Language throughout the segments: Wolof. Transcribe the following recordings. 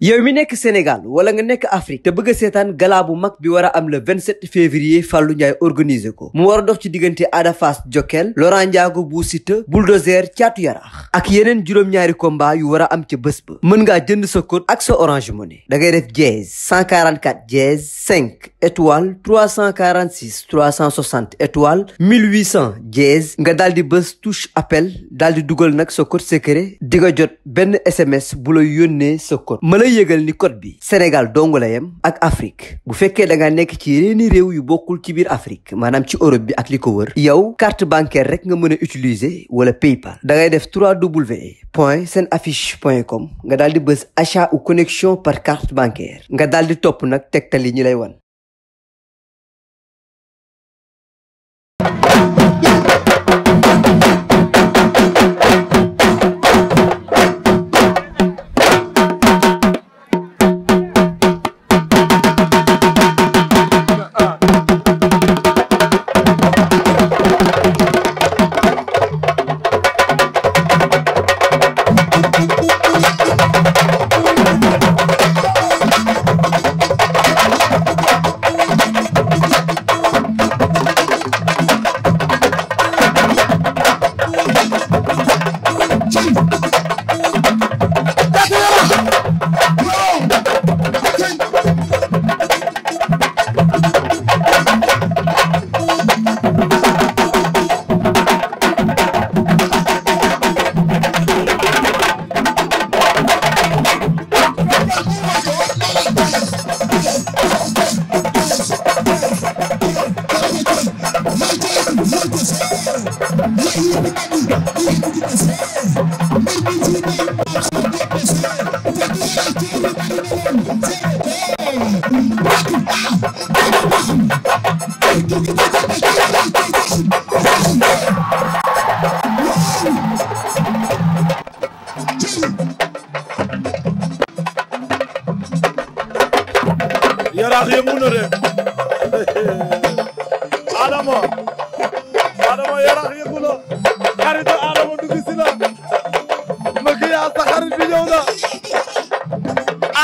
yow mi nekk Sénégal wala nga nekk Afrique te bëgg a seetaan galaa bu mag bi war a am le 27 février Fallou Ndiaye organisé ko mu war dox ci diggante Ada Fass Jokkel Laurent Ndiago bu Siteu Bulldozer Caatu Yaraax ak yeneen juróom-ñaari combat yu war a am ca bés ba mën ngaa jënd sa code ak sa Orange Money da ngay def dièse 144 dièse 5 étoile 346 360 étoile 1800 dièse nga daal di bés touche appel daal di dugal nag sa code secret di nga jot benn SMS bu la yónnee sa lay yëgal ni code bi Sénégal dong la yem ak Afrique bu fekkee da nga nekk ci yeneeni réew yu bokkul ci biir Afrique maanaam ci Europe bi ak li ko wër yow carte bancaire rek nga mën a utiliser wala PayPal da ngay def 3w point seen affiche point com nga daal di bës achat ou connexion par carte bancaire nga daal di topp nag tegtal yi ñu lay wan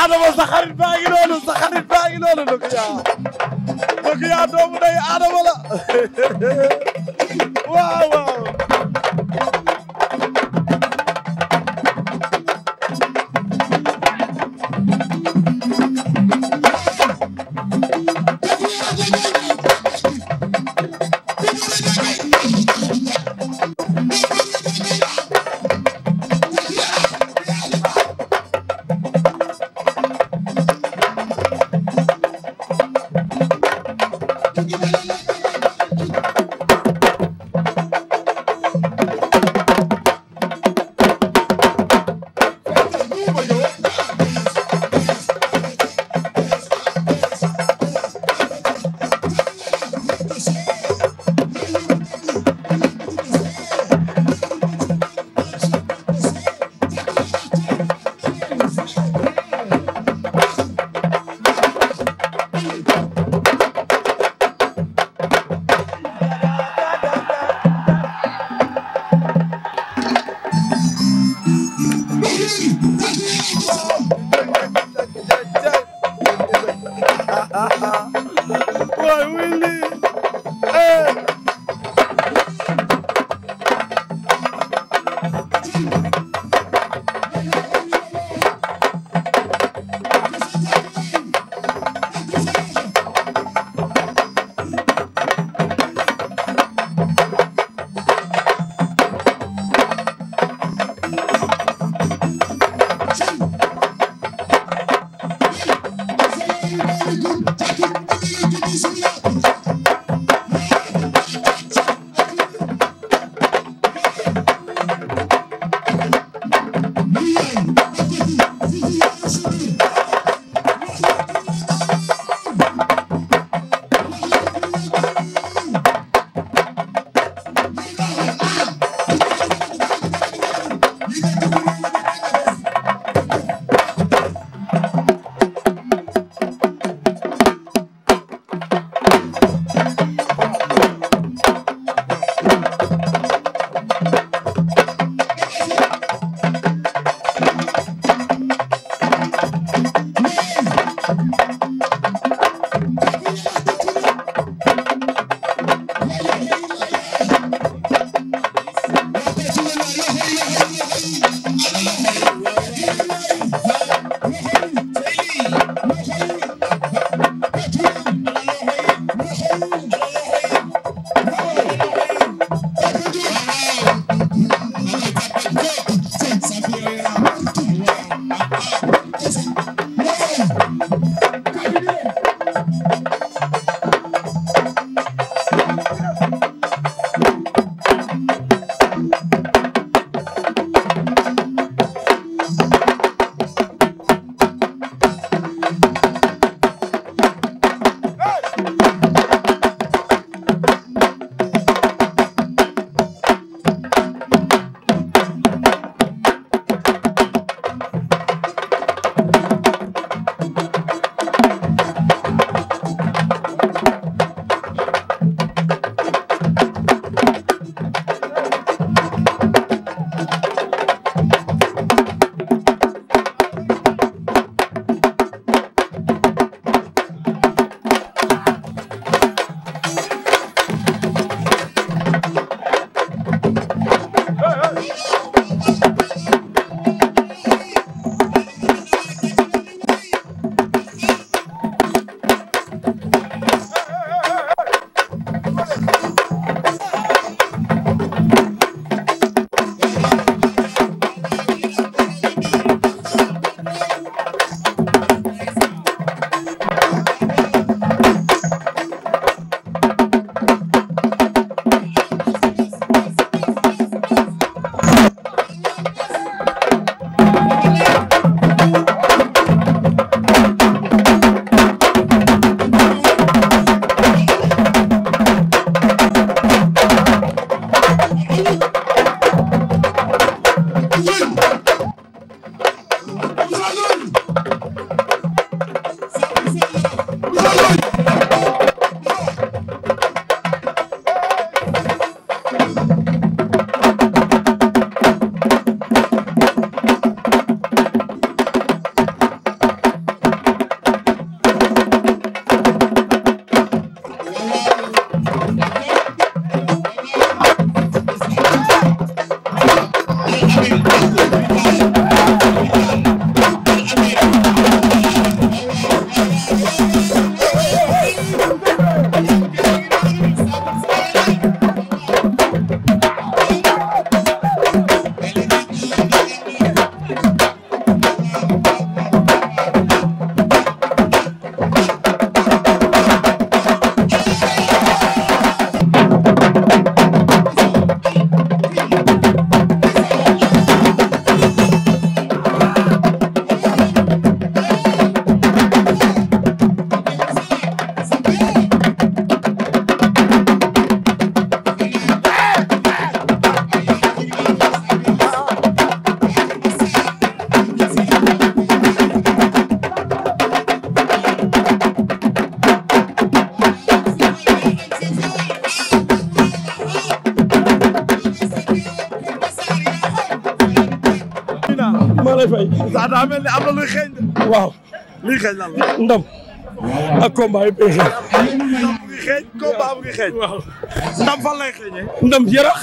Adama sa xarit baa ngi noonu sa xarit baa ngi noonu Nokiya Nokiya doomu day Adama la waaw waaw xeeñ lan la. ndam ak combat yëpp ay xeeñ. ndam bu ngi xeeñ combat bu ngi xeeñ. waaw ndam fan lay xeeñee. ndam yarax.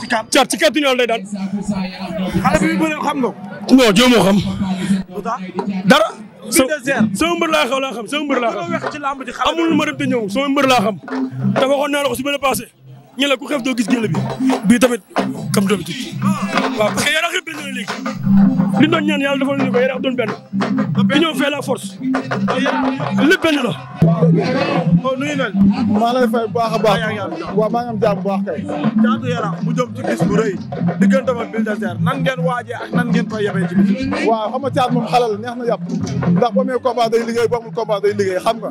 ci kat car ci kàttu ñoom lay daan. xale bi bëri nga ko. non dara. so sama mbër laa xam laa xam sama mbër laa ma dem te ñëw sama mbër laa xam te waxoon naa la ko su bële ku xef doo gis génn bi bii tamit comme d'habitude ah. boole léegi li doon ñaan yàlla defal ñu ko Yaraax doon benn union fait la force lépp benn la. waaw nuyu nañ. maa lay fay bu baax a baax. waaw maa ngi am jàmm bu baax kay. Caatu Yaraax mu jëm ci bis bu rëy digganteem ak Bulldozer nan ngeen waajee ak nan ngeen koy yebee ci bis. waaw xam nga caat moom xale la neex na yàpp ndax ba muy combat day liggéey ba amul combat day liggéey xam nga.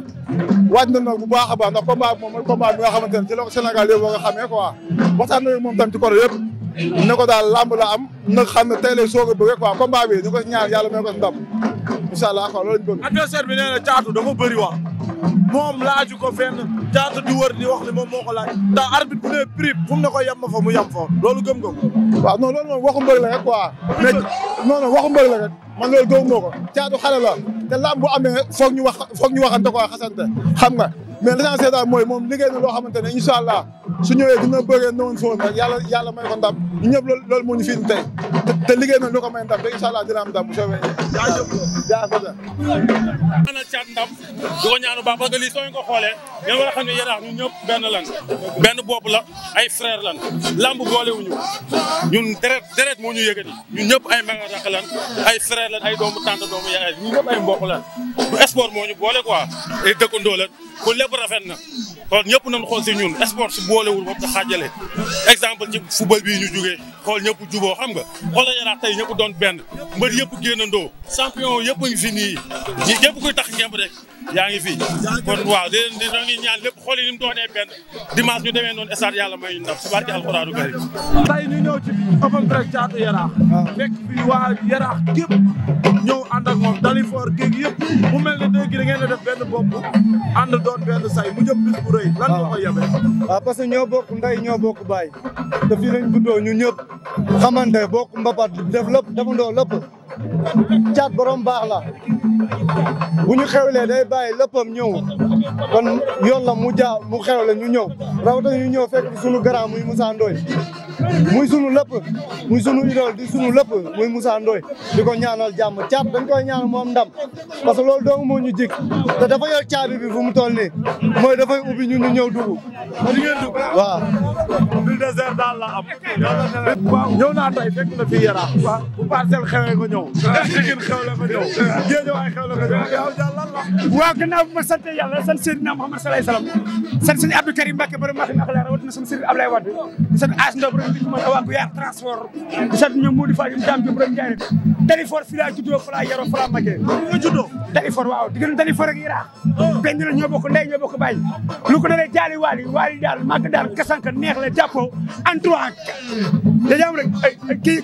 waaj na nag bu baax a baax ndax combat bi moom mooy combat bi nga xamante ne ci la ko Sénégal yëpp nga xamee quoi waxtaan nañu moom tam ci koro yëpp na xam ne tey lay soog a bëgg quoi combat bi ñu ko ñaar yàlla may ko ndam incha allah quoi loolu lañ bëgg. adversaire bi nee na caatu dafa bëri wax moom laaju ko fenn caatu di wër wax ni moom moo ko laaj ndax arbitre bu ne ne ko yem fa mu yem fa loolu gëm nga man loolu gëm moo caatu xale la te lamb bu amee foog ñu wax foog ñu waxante quoi xasante xam nga mais l'essentiel daal moom liggéey na loo xamante ne incha allah su ñëwee dina bëree na woon si woon rek yàlla yàlla may ko ndam ñu ñëpp loolu loolu moo ñu fi indi tey te liggéey na lu ko may ndam te incha allah dina am ndam bu soobee jaajëf jaajëf ñaanal caat ndam du ko ñaanu baax parce que lii soo ñu ko xoolee ngeen war a xam ne yaraax ñun ñëpp benn lan benn bopp la ay frère lan lamb boolewuñu ñun deret deret moo ñu yëkkati ñun ñëpp ay mag ak rakk lan ay frère lan ay doomu tante doomu yaay ñun ñëpp ay mbokk lan du sport moo ñu boole quoi ay dëkkandoo lan kon lépp rafet na kon ñëpp nañ xool si ñun sport boolewul bopp te xaajale exemple ci football bii ñu jugee xool ñëpp juboo xam nga xoola yaraax tey ñëpp doon benn mbër yëpp génnandoo champion yëpp a ngi fi nii ñi képp kuy tax ngemb rek yaa ngi fi kon waaw di leen di ngi ñaan lépp xool yi ni mu doonee benn dimanche ñu demee noonu stade yàlla may ñu ndam si barke alxuraanu kari tey ñu ñëw ci open press caatu doon benn say mu jëm bis lan nga koy yebee waaw parce que ñoo bokk ndey ñoo bokk baay te ñu ñëpp xamante bokk mbapat def lépp defandoo lépp caat borom baax la bu ñu xewlee day bàyyi léppam ñëw kon yoon la mu jaa mu xewle ñu ñëw rawatina ñu ñëw fekk sunu grand muy Moussa muy sunu lépp muy sunu idole di sunu lépp muy Moussa Ndoye di ko ñaanal jàmm caat dañ koy ñaanal moom ndam parce que loolu dong moo ñu jik te dafa yor caabi bi fu mu toll nii mooy dafay ubbi ñun ñu ñëw dugg di ngeen dugg waaw du désert daal la am waaw ñëw naa ma sant yàlla sant man awaa gu yaar transport di sant ñoom Modou Fall ñoom daam jub rek njaay rek Dalifort fi laa juddoo fa laa yaroo fa laa màggee nga juddoo Dalifort waaw diggante Dalifort ak ñoo bokk ndey ñoo bokk bàyyi lu ko jaali waali waali daal màgg daal kasanka neex la jàppoo en trois yaa am rek kii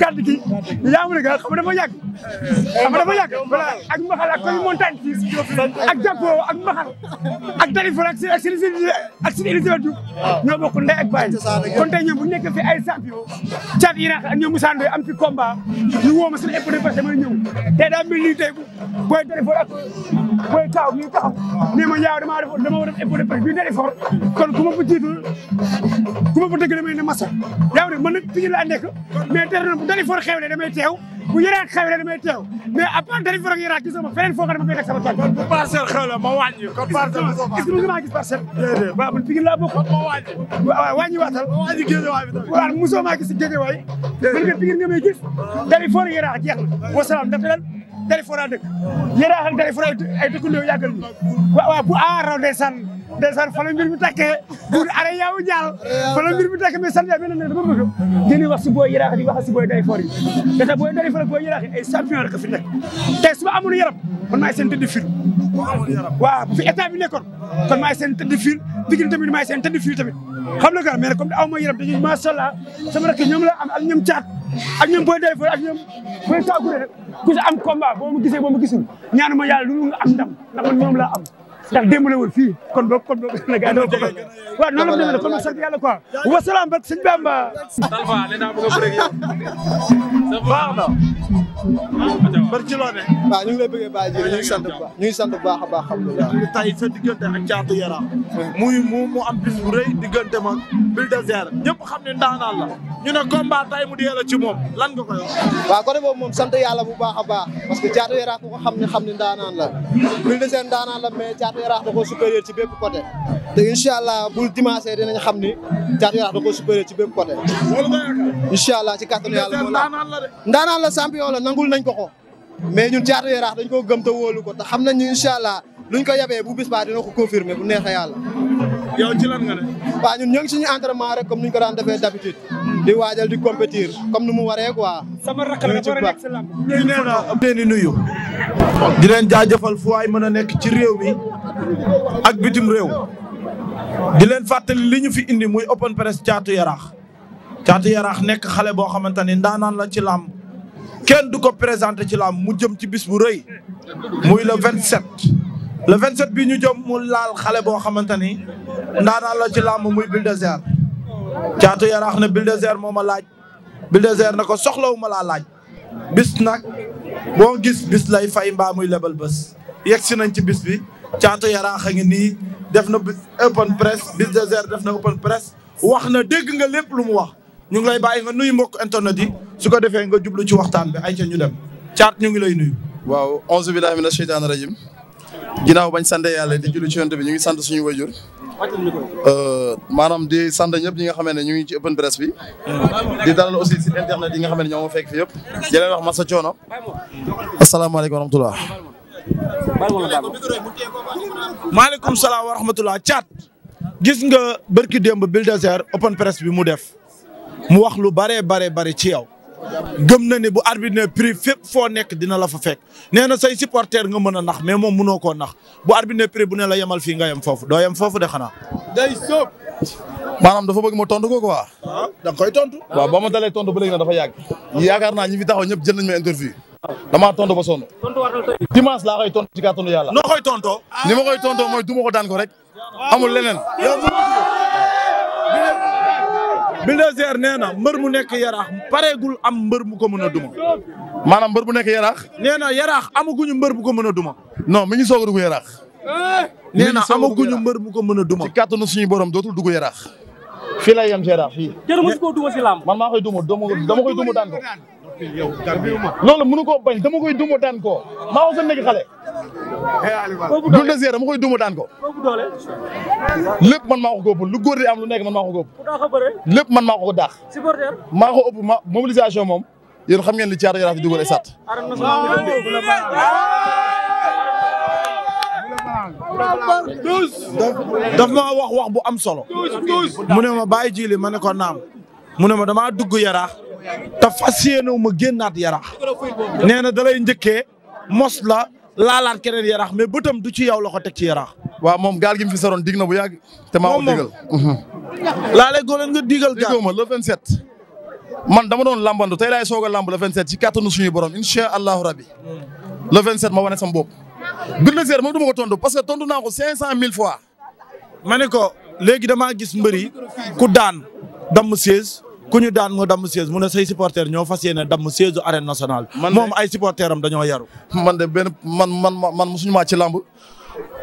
kàddu gi yaa am rek xam dafa yàgg xam dafa yàgg ak mbaxal ak koy montagne ci ak jàppoo ak mbaxal ak Dalifort ak ak seen ak seen Elisabeth ñoo bokk ndey ak kon tey ñoom bu nekk fi ay champion Thiat Irakh ak ñoom Moussa Ndoye am fi combat ñu woo ma seen épreuve parce que damay ñëw tey daa mel ni tey booy Dalifort ak booy Kaaw mi taxaw nee ma yaaw damaa def dama war a def épreuve bi Dalifort kon ku ma fa jiitul ku ma fa ne masa yaa ngi man nag Pikine laa nekk mais tey bu Dalifort xewle damay teew bu Yaraax xewle damay teew mais à part Dalifort ak Yaraax gisuma ma koy teg sama tool. kon bu parcelle xewle ma wàññi. comme parcelle bi soxna est-ce que mosuma gis parcelle. déedéet waaw man Pikine laa bokk. ma wàññi. waaw wàññi waatal. ma wàññi nga Pikine nga may gis. Dalifort ak Yaraax jeex na. wa salaam dëkk. Yaraax ak Dalifort ay dëkkandoo yàggal ñu. waaw waaw bu aaraw ndeysaan ndeysaan fa la mbir mi takkee buur are yaaw jaal fa la mbir mi takkee mais sant benn ne dama bëgg dina wax booy yiraax di wax booy day foor yi data booy ma amoon yaram man maay seen tëdd fil waaw bu nga mais comme aw ma yaram dañuy macha allah sama rek ñoom la am ak ñoom booy day foor ak ñoom booy taakuré rek ku am combat boo ma gisee boo ma gisul ñaanu ma yàlla lu nga am ndam ndax man ñoom laa am ndax démb mu demee kon nag sant yàlla quoi wa salaam barke sëñ Bamba. Talfa nee naa bëgg a bëri ak yow. baax na. bari ci loo ne. waaw ñu ngi lay bëggee bàyyi ji ñu ngi sant bu baax ñu ngi sant baax a baax alhamdulilah. tey sa diggante ak caatu yaram. muy mu mu am bu rëy diggante ma Bulldozer ñëpp xam ne ndaanaan la. ñu ne combat tay mu di yàlla ci moom lan nga koy wax. waaw côté sant yàlla bu baax a baax parce que caatu yaram ku ko xam ne xam ne ndaanaan la Bulldozer ndaanaan la mais caatu Caatu Yaraax da koo supérieur ci bépp côté te incha allah bul dimanche dinañ xam ni Caatu Yaraax da koo ci bépp côté. incha allah ci kàttanu yàlla moo la ndaanaan la champion la nangul nañ ko ko. mais ñun Caatu Yaraax dañ koo gëm te wóolu ko te xam nañ ni incha allah luñ ko yabee bu bis baa dina ko confirmer bu neexee yàlla. yow ci lan nga ne. waaw ñun ñoo suñu entraînement rek comme ni ñu ko daan defee d'habitude di waajal di compétir comme ni mu waree quoi. sama rakk la a nekk si lamb ñu nee na am leen di nuyu. di leen jaajëfal fu waay mën a nekk ci réew mi ak bitim réew. di leen fàttali li ñu fi indi muy open press caatu yaraax. caatu yaraax nekk xale boo xamante ni ndaanaan la ci lamb kenn du ko présenté ci lamb mu jëm ci bis bu rëy muy le 27. le 27 bi ñu jëm mu laal xale boo xamante ni ndaanaan la ci làmm muy Bulldozer caatu yaraax ne Bulldozer moo ma laaj Bulldozer na ko soxlawu ma laa laaj bis nag boo gis bis lay fay mbaa muy lebal bés yegg si nañ ci bis bi caatu yaraax a ngi ni def na open press Bulldozer def na open press wax na dégg nga lépp lu mu wax ñu ngi lay bàyyi nga nuyu mbokk internet yi su ko defee nga jublu ci waxtaan bi ay ca ñu dem caat ñu ngi lay nuyu waaw auzu billahi mina sheytaani rajim ginnaaw bañ sante yàlla di julli ci yonent bi ñu ngi sant suñu wajur euh, maanaam di sant ñëpp ñi nga xam ne ñu ngi ci open press bi di dalal aussi si internet yi nga xam ne ñoo ma fekk fi yëpp di leen wax masa coono asalaamaaleykum wa rahmatulah maaleykum salaam wa caat gis nga bërki démb Bulldozer open press bi mu def mu wax lu bare bare bare ci yow gëm na ni bu arbitre ne prix fépp foo nekk dina la fa fekk nee na say supporter nga mën a nax mais moom mënoo koo nax bu arbitre ne prix bu ne la yemal fii nga yem foofu doo foofu de xanaa. day sóob. maanaam dafa bëgg ma tontu ko quoi. ah da nga koy tontu. waaw boo ma dalee tontu ba léegi nag dafa yàgg. yaakaar naa ñi fi taxaw ñëpp jël nañ interview. damaa tontu ba sonn. laa koy tontu ni ma koy tontoo mooy du ma ko daan ko rek. amul leneen. bulldozer nee na mbër mu nekk yaraax pareegul am mbër mu ko mën a duma. maanaam mbër bu nekk yaraax. nee na yaraax amaguñu mbër bu ko mën a duma. non mi ngi soog a dugg yaraax. Eh? nee na amaguñu mbër mu ko mën a duma. ci kàttanu suñu borom dootul dugg yaraax. fii lay yem ci yaraax fii. kenn mësu koo duma si lamb. man maa koy duma dama koy duma daan loolu mënu koo bañ dama koy duma daan ko maa ngi nekk xale. Double Less dama koy duma daan ko. lépp man maa ko góob lu góor am lu nekk man maa ko góob. lépp man maa ko daax. maa ko ëpp ma mobilisation moom yéen xam ngeen li Thiatou Yarakh di dugal ay sat. daf ma wax wax bu am solo. mu ne ma bàyyi jiili ma ne ko naam mu ne ma damaa dugg yaraax. te fas yéene ma génnaat yaraax nee dalay njëkkee mos la laalaat keneen yaraax mais bëtam du ci yow la ko teg ci yaraax. waaw moom gaal gi mu fi saroon dig na bu yàgg. te maa ko digal laalee nga digal gaal diggoo ma le 27. man dama doon lambandu tey laay soog a lamb le 27 ci kàttanu suñuy borom incha allahu rabi le 27 ma wane sama bopp. Buldozer moom du ma ko tontu parce que naa ko 500000 fois. ko léegi damaa gis mbëri ku daan damm 16. ku ñu daan mu damm siège mu ne say supporters ñoo fas yéene damm siège u arène nationale. moom ay supporters am dañoo yaru. man de benn man man man mosuñu maa ci lamb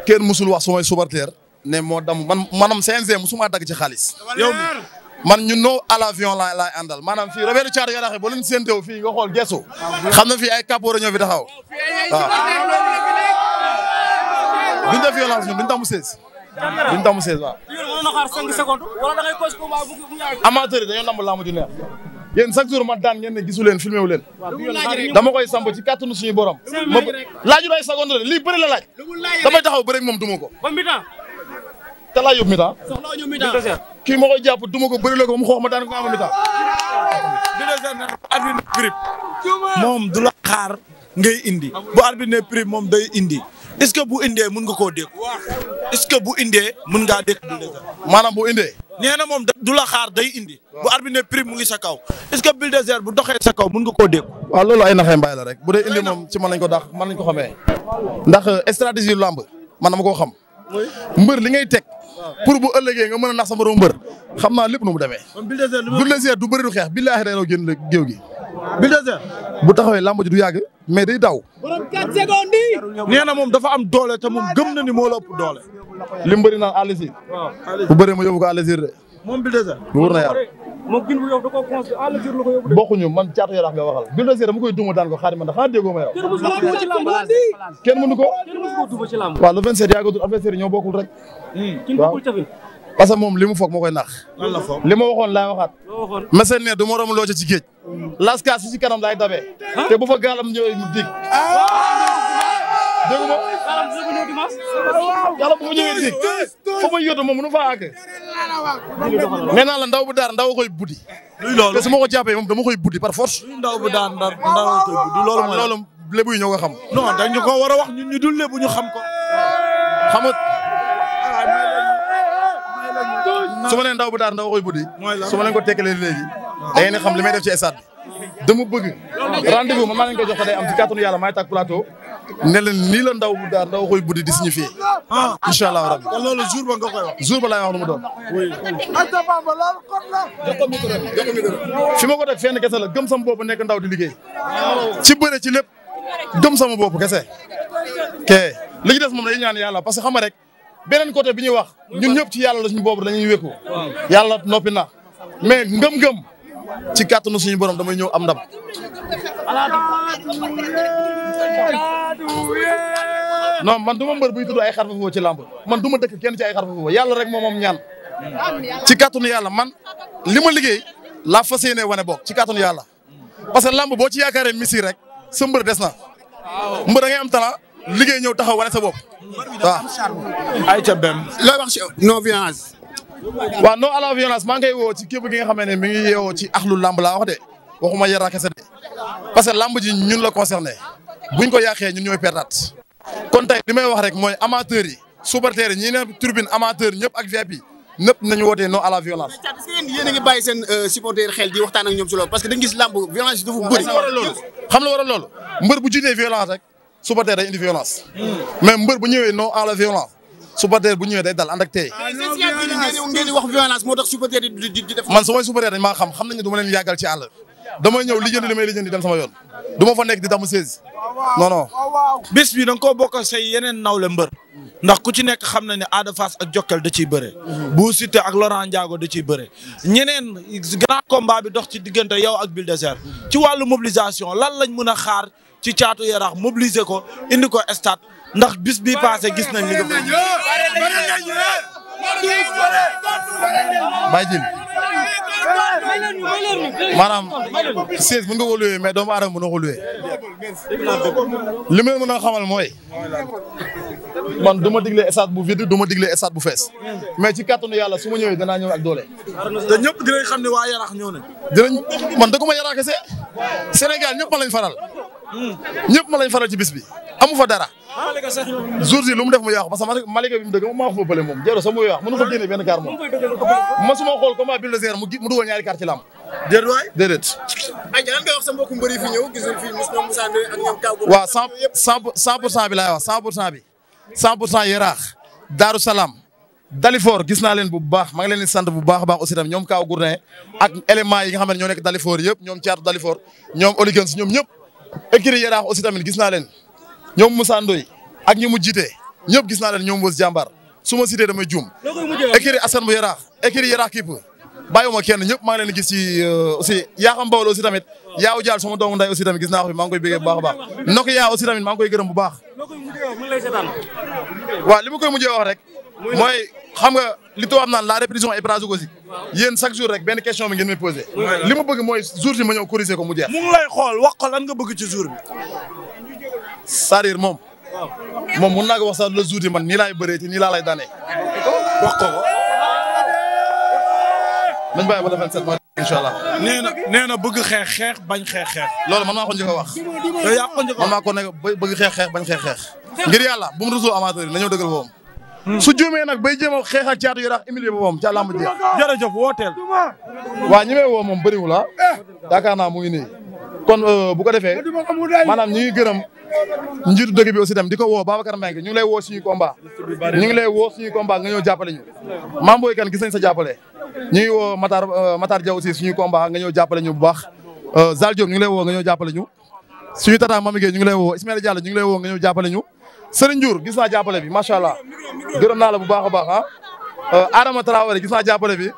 kenn mosul wax sumay supporters ne moo damm man maanaam CNG mosuma dagg ci xaalis. yow man ñu no à l'avion la laay àndal maanaam fii Robert Thiatou Yarakh yi boo leen séentew fii nga xool gesu xam na fii ay caporo ñoo fi taxaw waaw. duñ def violence ñun duñ damm siège duñ damm siège mënoon a xaar cinq dañoo namb laamu ju neex yéen chaque jour daan ngeen ne gisu leen filmé wu leen. dama koy samp ci kàttanu suñu borom. ma laajul la lii bëri la laaj. damay taxaw bëri moom duma ko. ba mi-temps. te laa yóbbu mi ko bëri la ko mu xoox ma daan ko am mi moom du la xaar. ngay indi bu arbitre ne prix moom day indi est-ce que bu indee mun nga koo dégg est que bu indee mun ngaa dégg Buldozer maanaam bu indee nee na moom du la xaar day indi bu arbitre ne prix mu ngi sa kaw est-ce que bu doxee sa kaw mun nga koo dégg waaw loolu ay naxee mbaay rek bu dee indi moom ci man ko dàq man lañ ko xamee ndax euh, stratégie lamb man dama koo xam mbër li ngay teg pour bu ëllëgee nga mën a nax sama mbër xam naa lépp nu mu demee Buldozer du bëri du xeex billaahi day raw génn géew gi Bulldozer bu taxawee làmb ji du yàgg mais day daw. borom 4 secondes moom dafa am doole ta moom gëm na ni moo la doole. li mu bëri bu bëree ma yóbbu ko Alizé de. moom Bulldozer. na yàlla. moom gin bu yow da koo conseillé Alizé la ko yóbbu. bokkuñu man caatu yaraax nga waxal Bulldozer dama koy duma daan ko xaar man de xanaa déggoo ma yow. kenn mënu ko ko. kenn mënu ko duma ci làmb. waaw le 27 yaa ngi bokkul rek. Hmm. waaw moom li mu foog moo koy nax. lan la li ma waxoon laa waxaat. loo waxoon. ne du ma romb loo ci géej laska su si kanam laay dabee. te bu fa gaalam ñëwee mu dig. dégg nga. gaalam bu fa ñëwee moom mënu faa àgg. nee naa la ndaw bu daar ndaw koy buddi. loolu te su ma ko jàppee moom dama koy buddi par force. ndaw bu daan ndaw koy buddi ñoo xam. non dañ ñu ko war wax ñu dul lébu xam ko. su ma ndaw bu daar ndaw waxuy buddi su ma leen ko tekkalee léegi da ngeen xam li may def ci stade dama bëgg rendez ma man maa leen ko jox day am ci kàttanu yàlla maa tàkk plateau ne leen nii ndaw bu daar ndaw waxuy buddi di signifié incha allah rabbi loolu jour ba nga koy wax jour ba laay wax lu mu doon fi ma ko teg fenn kese la gëm sama bopp nekk ndaw di liggéey ci bëre ci lépp gëm sama bopp kese ke li ci des moom day ñaan yàlla parce que xam rek beneen côté bi ñuy wax ñun ñëpp ci yàlla la suñu boobu dañuy wékku yàlla noppi na mais ngëm-ngëm ci kàttanu suñu borom damay ñëw am ndam. non man du ma mbër buy tudd ay xarfa foofu ci làmb man du ma dëkk kenn ci ay xarfa foofu yàlla rek moom moom ñaan ci kàttanu yàlla man li ma liggéey laa fas yéenee wane bokk ci kàttanu yàlla parce que làmb boo ci yaakaaree missi rek sa mbër des mbër da am talent liggéey ñëw taxaw wane sa bopp. waaw. ayca Bem. looy wax ci non violence. waaw non à la violence maa ngi koy woo ci képp gi nga xam ne mi ngi yeewoo ci axlu lamb laa wax de waxuma yara kese de parce que lamb ji ñun la concerné buñ ko yàqee ñun ñooy pertaat. kon tey li may wax rek mooy amateurs yi supporters yi ñi ne tribune amateur ñëpp ak VIP ñëpp nañu wootee non à la violence. parce ngi bàyyi seen euh, supporter xel di waxtaan ñoom si loolu parce que dañu gis lamb violence dafa bëri. xam la waral loolu bu jiitee violence rek. supporter day indi violence. mais mbër bu ñëwee no à la violence. supporter bu ñëwee day dal ànd ak tey. Ah, wax violence moo tax supporter di di def. man su may supporter dañ maa xam xam nañu ne du ma leen yàggal ci àll. damay ñëw lijjanti li may lijjanti dem sama yoon. du ma fa nekk di tamu seize. non non. bis bi da ko koo bokkal say yeneen nawle mbër. ndax ku ci nekk xam na ne Ada fas ak Jokal da ciy bëre. Bou site ak Laurent Ndiago da ciy bëre. ñeneen grand combat bi dox ci diggante yow ak Bulldozer. ci wàllu mobilisation lan lañ mën a xaar ci caatu yaraax mobiliser ko indi ko stade ndax bis bi passé gis nañ li nga bàyyi maanaam siège mën nga ko luwee mais doomu aadama mën na ko luwee li may mën a xamal mooy man du ma digle stade bu vide du ma digle stade bu fees mais ci kàttanu yàlla su ma ñëwee danaa ñëw ak doole. te ñëpp dinañ xam ne waa Yaraax ñëw ne. dinañ man dëggu ma Yaraax kese Sénégal ñëpp lañ faral. ñëpp ma lañ faral ci bis bi amu fa dara jour yi lu mu def mu yaaxu parce que Malika bi mu dëgg moom maa ko fa bële moom jero sama yaax mënu ko génne benn kaar moom man su ma xool combat bulldozer mu dugal ñaari kaar ci lamb déedéet waay déedéet ay lan nga wax sa mbokku mbëri fi ñëw gis nañ fi Moussa Moussa bi laay wax cent pour cent bi cent pour cent Yaraax Daaru Salaam Dalifor gis naa leen bu baax ma ngi leen di sant bu baax a baax aussi tam ñoom Kaw Gourdin ak élément yi nga xam ne ñoo nekk Dalifor yëpp ñoom Thiatou Dalifor ñoom Oligens ñoom ñëpp écurie Yaraax aussi tamit naa leen ñoom Moussa ak ñi mu jiite ñëpp naa leen ñoom Wës jàmbaar su ma cité damay juum. écurie Assane bu Yaraax écurie Yaraax képp bàyyiwuma kenn ñëpp maa ngi leen gis ci euh, aussi yaa xam Bawol aussi tamit yaaw jaal sama doomu nday aussi tamit gis naa ko fi maa ngi koy bégee a gërëm bu baax. waaw li rek mooy xam nga li am naan la répétition est pédagogique yéen chaque jour rek benn question bi ngeen may posé. li ma bëgg mooy jour bi ma ñëw corriger ko mu jeex. mu ngi lay xool wax ko lan nga bëgg ci jour bi. cest moom. moom mun naa wax sax le jour bi man nii laay bëree ci nii laa lay daanee. wax ko ko. nañ bàyyi nee na nee na bëgg xeex xeex man maa ko njëkk a wax. yow yaa ko njëkk a wax man maa ko bëgg xeex xeex bañ xeex xeex. ngir yàlla bu mu rusul amateur yi nañoo dëggal foofu su juumee nag bay jéem a xeex ak caatu yaraax humilier boppam ca làmb ji jërëjëf wooteel waaw ñi may woo moom bëriwul ah yaakaar naa mu ngi nii kon euh, bu ko defee maanaam ñi ngi gërëm njiitu dëkk bi aussi tam di ko woo Babacar Mbengue ñu ngi lay woo suñu combat ñu ngi lay woo suñu combat nga ñëw jàppale ñu Mame Boye Kane gis nañ jàppale ñu ngi woo Matar euh, Matar Dia aussi suñu combat nga ñëw jàppale ñu bu baax euh, Zal Diop ñu ngi lay woo nga ñëw jàppale ñu suñu tata ñu ngi woo Ismaël Diallo ñu ñu Serigne jur gis naa jàppale bi macha allah gërëm naa la bu baax a baax ah. Euh, Adama Traoré gis naa jàppale bi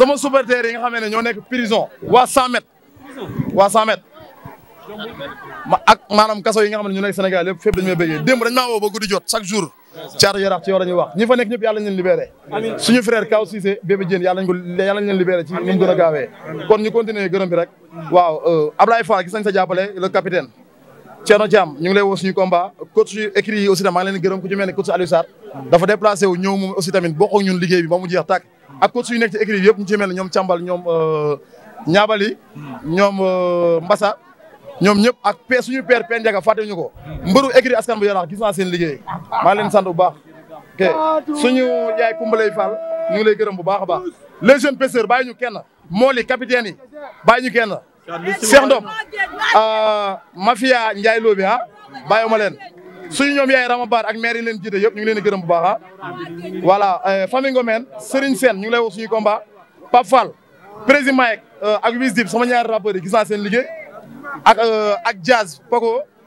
sama supporters yi nga xam ne ñoo nekk prison waa 100 mètres waa 100 mètres nga xam ne ñu nekk Sénégal yëpp fépp dañu may bëggee démb dañ maa woo ba guddi jot chaque jour. caatu yaraax ci yow wax ñi fa nekk ñëpp yàlla ñu leen libéré suñu frère Kaw Cissé bébé Diène yàlla ñu ko yàlla ñu leen libéré ci ni mu a gaawee kon ñu continuer gërëm bi rek waaw euh, Ablaye Fall gis nañ sa jàppale le capitaine Thierno Thiam ñu ngi lay woo suñu combat coach yu écrit aussi tam maa ngi leen di gërëm ku ci mel ne coach Aliou Sarr dafa déplacé wu ñëw moom aussi tamit bokk ak ñun liggéey bi ba mu jeex tàkk ak coach ñoom Càmbal ñoom ñaabali euh, ñoom euh, Mbassa ñoom ñëpp ak pe suñu per Pène Ndiaga fàtte ñu ko mbëru écrit askan bu Yonax gis naa seen liggéey maa leen sant bu baax ok suñu yaay Koumbalay Fall ñu ngi lay gërëm bu baax a baax les jeunes pêcheurs bàyyi ñu kenn mool yi baa yi ñu kenn Cheikh Ndom euh, mafia Ndiaye Lo bi ah bàyyi ma leen suñu ñoom yaay Rama Baar ak maire yi leen jiite yëpp ñu leen di gërëm bu baax ah. voilà euh, famille Ngomeen seen Sène ñu ngi lay wax suñu combat Pape Fall président yeeg euh, ak Wiz Dib sama ñaari rappeurs yi seen liggéey ak ak Jazz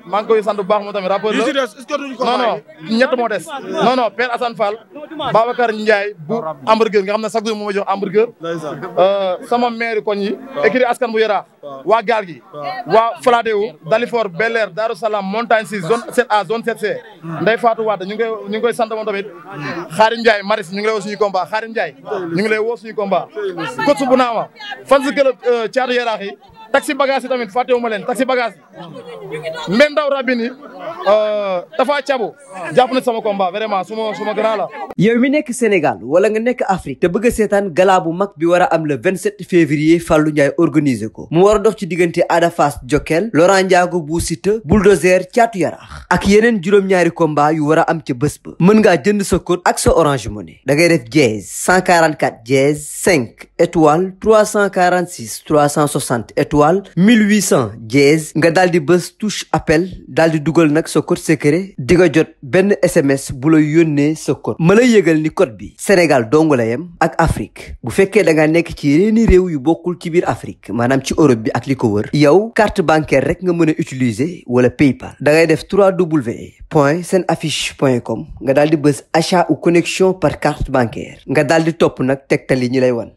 maa ngi koy sant bu baax moom tamit rappeur la non non ñett moo des non non Père Assane Fall Babacar Ndiaye bu hamburger nga xam na chaque jour moo ma jox hamburger euh, sama maire koñ yi écrit askan bu yara waa gaal gi waa Fladéo Dalifort Bel Air Darou Salam Montagne si zone 7A zone 7C hmm. Ndeye Fatou Wade ñu ngi koy sant moom tamit hmm. Xaarim Ndiaye Maris ñu ngi lay woo suñu combat Xaarim Ndiaye ñu ngi lay woo suñu combat coach bu naama fan si club euh, Thiatou Yaraax taxi bagage yi tamit fàttewu ma leen taxi bagage yi même daw rabini dafa euh, cabo jàpp na sama combat vraiment suma suma grand yow mi nekk Sénégal wala nga nekk Afrique te bëgga seetaan gala bu mag bi war a am le 27 février fallu Ndiaye organisé ko mu war a dox ci diggante Ada Fass Jokkel Laurent bu Bou Siteu Bulldozer Thiatou Yarakh ak yeneen juróom-ñaari combat yu war a am ca bés mën ngaa jënd sa code ak sa Orange Money da ngay def dièse 144 dièse 5 étoile 346 360 étoile étoile 1800 dièse nga daal di bës touche appel daal di dugal nag sa code secret di nga jot benn SMS bu la yónnee sa code ma lay yëgal ni code bi Sénégal dong la yem ak Afrique bu fekkee da nga nekk ci yeneen réew yu bokkul ci biir Afrique maanaam ci Europe bi ak li ko wër yow carte bancaire rek nga mën a utiliser wala PayPal dangay def 3W point seen affiche point com nga daal di bës achat ou connexion par carte bancaire nga daal di topp nag tegtal yi ñu lay wan.